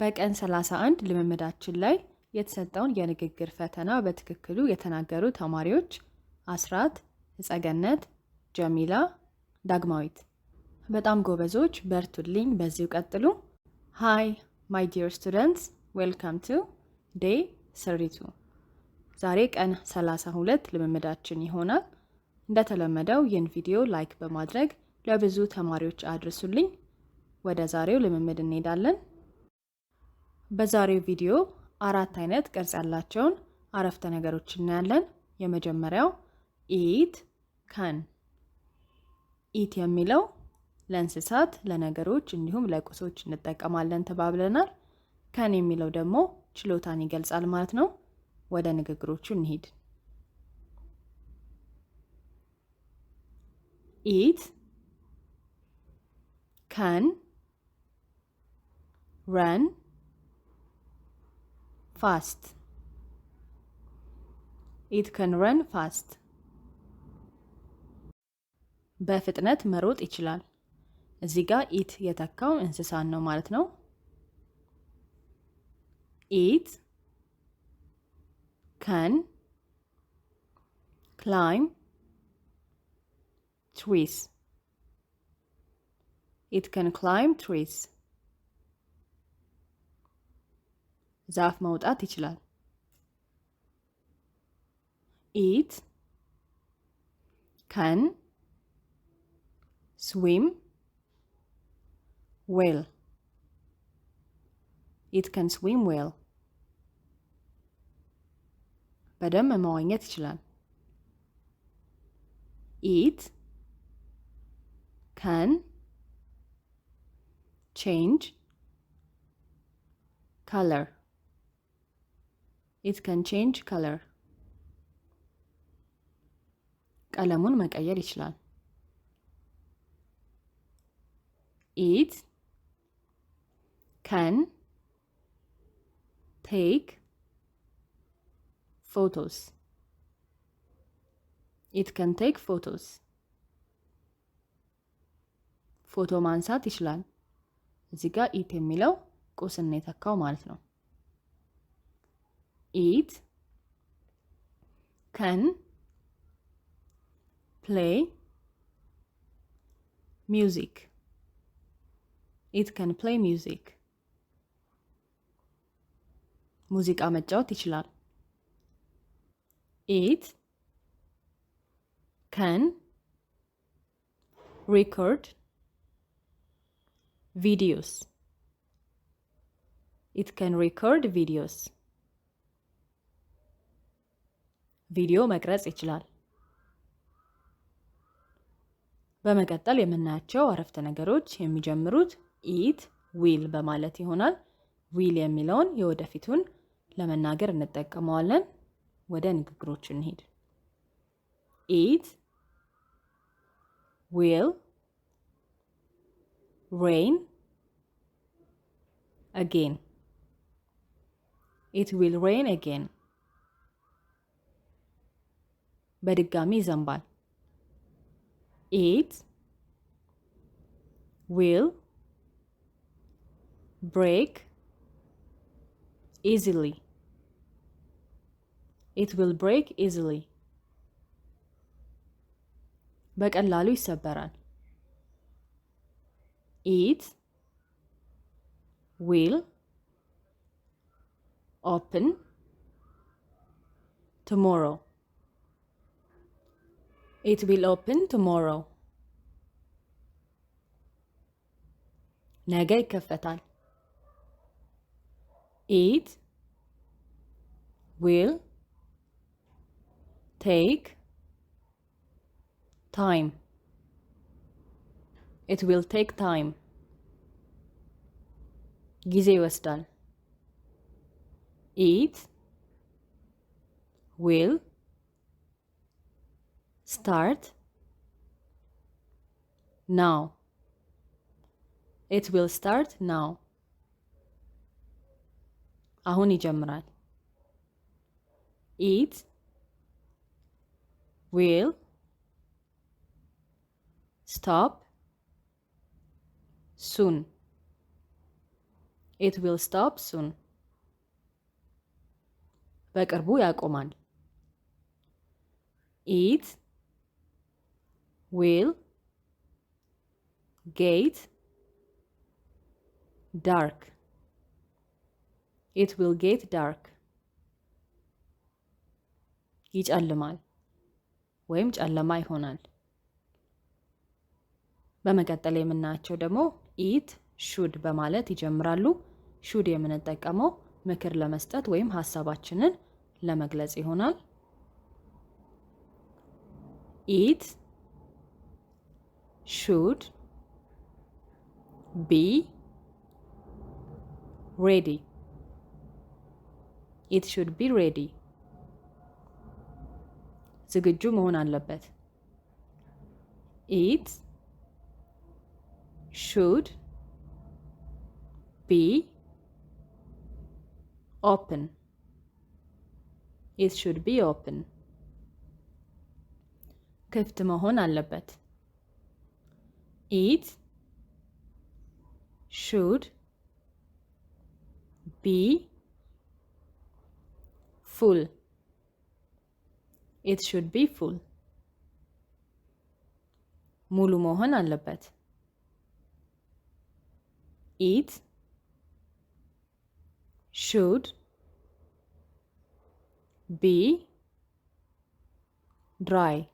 በቀን 31 ልምምዳችን ላይ የተሰጠውን የንግግር ፈተና በትክክሉ የተናገሩ ተማሪዎች አስራት፣ ህጸገነት፣ ጀሚላ፣ ዳግማዊት በጣም ጎበዞች፣ በርቱልኝ፣ በዚሁ ቀጥሉ። ሃይ ማይ ዲር ስቱደንትስ ዌልካም ቱ ዴይ ስሪቱ። ዛሬ ቀን 32 ልምምዳችን ይሆናል። እንደተለመደው ይህን ቪዲዮ ላይክ በማድረግ ለብዙ ተማሪዎች አድርሱልኝ። ወደ ዛሬው ልምምድ እንሄዳለን። በዛሬው ቪዲዮ አራት አይነት ቅርጽ ያላቸውን አረፍተ ነገሮች እናያለን። የመጀመሪያው ኢት ከን። ኢት የሚለው ለእንስሳት፣ ለነገሮች እንዲሁም ለቁሶች እንጠቀማለን ተባብለናል። ከን የሚለው ደግሞ ችሎታን ይገልጻል ማለት ነው። ወደ ንግግሮቹ እንሂድ። ኢት ከን ረን fast. It can run fast. በፍጥነት መሮጥ ይችላል። እዚህ ጋር ኢት የተካው እንስሳን ነው ማለት ነው። ኢት ከን ክላይም ትሪስ ኢት ከን ክላይም ትሪስ ዛፍ መውጣት ይችላል። ኢት ከን ስዊም ዌል ኢት ከን ስዊም ዌል በደንብ መዋኘት ይችላል። ኢት ከን ቼንጅ color ኢት ከን ቼንጅ ከለር ቀለሙን መቀየር ይችላል። ኢት ከን ቴክ ፎቶስ ኢት ከን ቴክ ፎቶስ ፎቶ ማንሳት ይችላል። እዚህ ጋር ኢት የሚለው ቁስን የተካው ማለት ነው። eat, can play music. It can play music. Music መጫወት It can record videos. It can record videos. ቪዲዮ መቅረጽ ይችላል። በመቀጠል የምናያቸው አረፍተ ነገሮች የሚጀምሩት ኢት ዊል በማለት ይሆናል። ዊል የሚለውን የወደፊቱን ለመናገር እንጠቀመዋለን። ወደ ንግግሮች እንሄድ። ኢት ዊል ሬን አጌን። ኢት ዊል ሬን አጌን በድጋሚ ይዘንባል። ኢት ዊል ብሬክ ኢዚሊ ኢት ዊል ብሬክ ኢዚሊ በቀላሉ ይሰበራል። ኢት ዊል ኦፕን ቱሞሮው it will open tomorrow. ነገ ይከፈታል። It will take time. It will take time. ጊዜ ይወስዳል። It will Start now. It will start now. አሁን ይጀምራል። It will stop soon. It will stop soon. በቅርቡ ያቆማል። It ዊል ጌት ዳርክ ኢት ዊል ጌት ዳርክ ይጨልማል ወይም ጨለማ ይሆናል። በመቀጠል የምናያቸው ደግሞ ኢት ሹድ በማለት ይጀምራሉ። ሹድ የምንጠቀመው ምክር ለመስጠት ወይም ሀሳባችንን ለመግለጽ ይሆናል። ኢት ሹድ ቢ ሬዲ It should ቢ ሬዲ ዝግጁ መሆን አለበት። ኢት ሹድ ቢ ኦፕን It should ቢ ኦፕን ክፍት መሆን አለበት። it should be full. It should be full. Mulu mohon anlapet. It should be dry.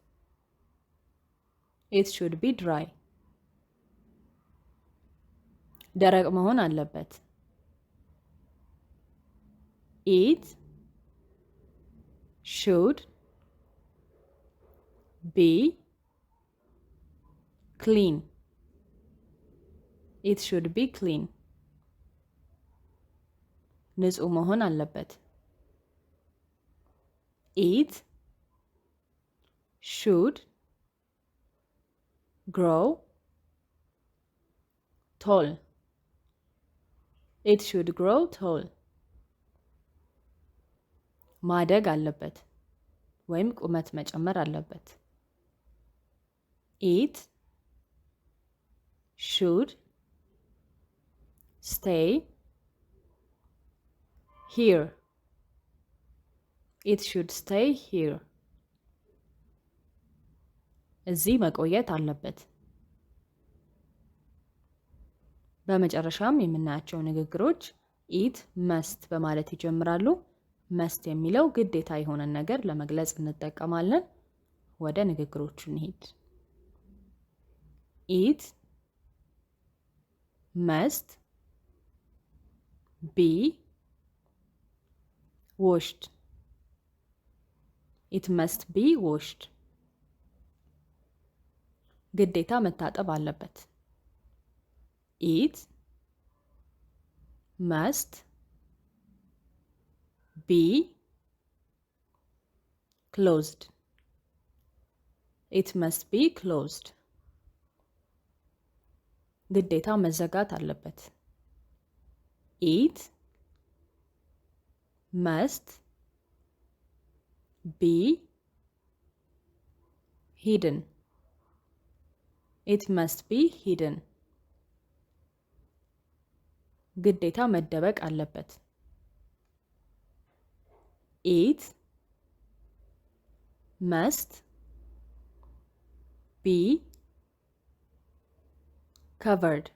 It should be dry. ደረቅ መሆን አለበት። ኢት ሹድ ቢ ክሊን ኢት ሹድ ቢ ክሊን ንጹህ መሆን አለበት። ኢት ሹድ ግሮው ቶል ኢት ሹድ ግሮው ቶል ማደግ አለበት ወይም ቁመት መጨመር አለበት። ኢት ሹድ ስቴይ ሂር ኢት ሹድ ስቴይ ሂር እዚህ መቆየት አለበት። በመጨረሻም የምናያቸው ንግግሮች ኢት መስት በማለት ይጀምራሉ። መስት የሚለው ግዴታ የሆነን ነገር ለመግለጽ እንጠቀማለን። ወደ ንግግሮቹ እንሄድ ኢት መስት ቢ ዎሽድ። ኢት መስት ቢ ዎሽድ። ግዴታ መታጠብ አለበት። ኢት መስት ቢ ክሎዝድ ኢት መስት ቢ ክሎዝድ ግዴታ መዘጋት አለበት። ኢት መስት ቢ ሂድን ኢት መስት ቢ ሂድን ግዴታ መደበቅ አለበት። ኢት መስት ቢ ከቨርድ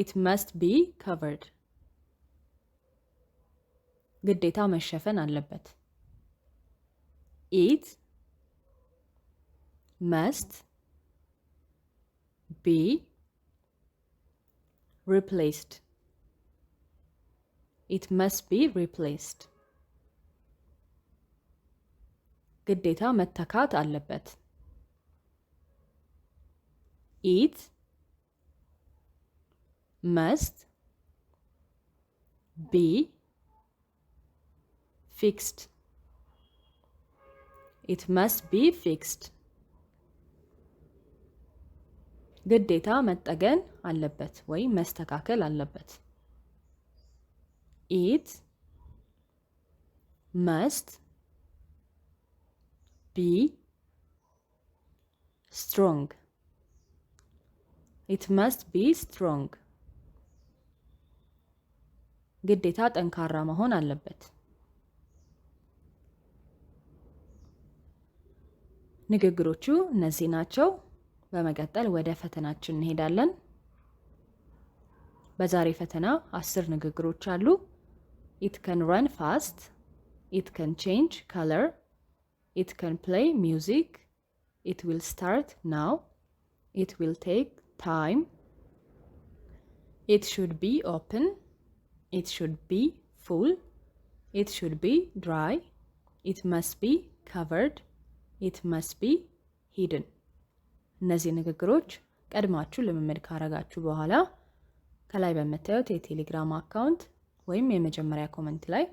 ኢት መስት ቢ ከቨርድ ግዴታ መሸፈን አለበት። ኢት መስት ቢ replaced. It must be replaced. ግዴታ መተካት አለበት። ኢት መስት ቢ ፊክስድ ኢት መስት ቢ ፊክስድ ግዴታ መጠገን አለበት ወይም መስተካከል አለበት። ኢት መስት ቢ ስትሮንግ ኢት መስት ቢ ስትሮንግ። ግዴታ ጠንካራ መሆን አለበት። ንግግሮቹ እነዚህ ናቸው። በመቀጠል ወደ ፈተናችን እንሄዳለን። በዛሬ ፈተና አስር ንግግሮች አሉ። ኢት ከን ረን ፋስት፣ ኢት ከን ቼንጅ ከለር፣ ኢት ከን ፕሌይ ሚውዚክ፣ ኢት ዊል ስታርት ናው፣ ኢት ዊል ቴክ ታይም፣ ኢት ሹድ ቢ ኦፕን፣ ኢት ሹድ ቢ ፉል፣ ኢት ሹድ ቢ ድራይ፣ ኢት መስት ቢ ከቨርድ፣ ኢት መስት ቢ ሂድን እነዚህ ንግግሮች ቀድማችሁ ልምምድ ካረጋችሁ በኋላ ከላይ በምታዩት የቴሌግራም አካውንት ወይም የመጀመሪያ ኮመንት ላይ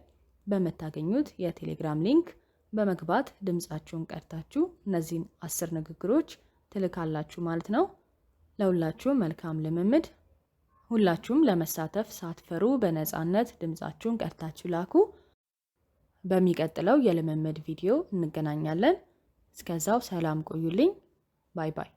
በምታገኙት የቴሌግራም ሊንክ በመግባት ድምፃችሁን ቀድታችሁ እነዚህን አስር ንግግሮች ትልካላችሁ ማለት ነው። ለሁላችሁም መልካም ልምምድ። ሁላችሁም ለመሳተፍ ሳትፈሩ በነፃነት ድምፃችሁን ቀድታችሁ ላኩ። በሚቀጥለው የልምምድ ቪዲዮ እንገናኛለን። እስከዛው ሰላም ቆዩልኝ። Bye bye.